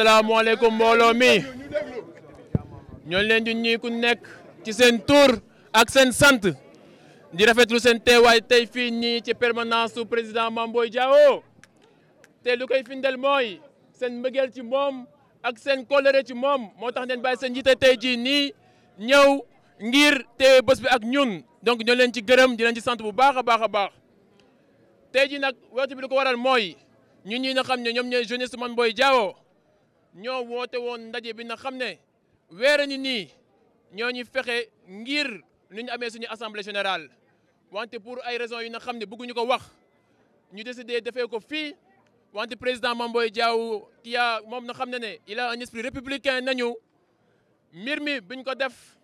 assalamu alaykum mbolo mi ñoo leen di nuyu ku nekk ci seen tour ak seen sant di rafetlu seen teewaay tey fii nii ci permanence su président Mame Boye Diao te lu koy findal mooy seen mbëggeel ci moom ak seen kóllëre ci moom moo tax ngeen bàyyi seen jiite tey jii nii ñëw ngir teewe bés bi ak ñun donc ñoo leen ci gërëm di leen ci sant bu baax a baax a baax tey jii nag waxtu bi lu ko waral mooy ñun ñi nga xam ne ñoom ñooy jeunesse Mame Boye Diao ñoo woote won ndaje bi na xamné ne ni ñu ñoo ñu fexé ngir ñu amé suñu assemblée générale wante pour ay raisons yu na xamné bëggu ñuko wax ñu décidé défé ko fi wante président Mamboy Boye Diao ki yaa na xamné né il a un esprit républicain nañu mirmi buñ ko def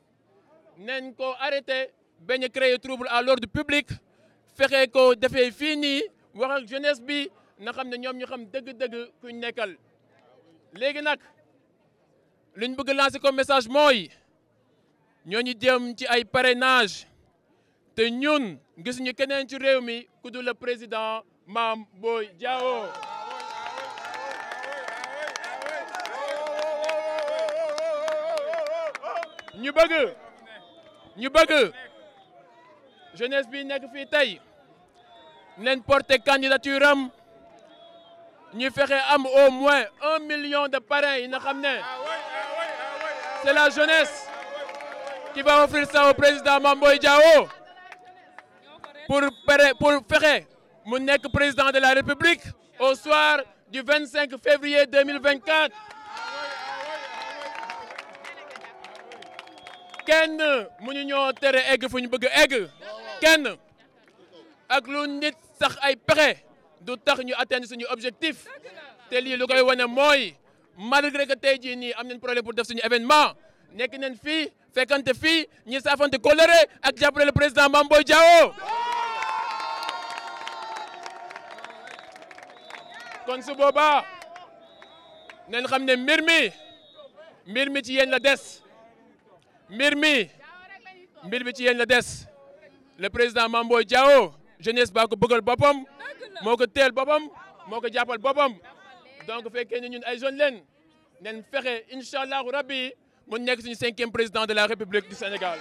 nañ ko arrêter bañ créer trouble à l'ordre public fexé ko défé fii nii wax ak jeunesse bi na xamné ñom ñu xam dëgg-dëgg kuñ nekkal les nag luñ lancer comme message Nous sommes ci ay parrainage et nous gisuñu keneen ci ku du le président Mam Diao Nous jeunesse candidature nous ferons au moins un million de pareils, c'est la jeunesse qui va offrir ça au président Mamboï pour faire pour fexe président de la République au soir du 25 février 2024 Ken, mu ñoo egg fu ñu bëgg egg du tax ñu atteindre suñu objectif te lii lu koy wane mooy malgré que tey jii nii am nañ problème pour def suñu événement nekk nañ fii fekkante fii ñi saafante coloré ak jàppale le président Mame Boye Diao kon su boobaa nañ xam ne mbir ci yéen la dess, mirmi, mi mbir mi ci yéen la dess, le président Mame Boye jeunesse ne ko bëggal boppam moo ko teel boppam moo ko jàppal donc féké ñun ay jeune lène nañ fexé inshallah rabbi mu nekk suñu cinquième président de la république du Sénégal.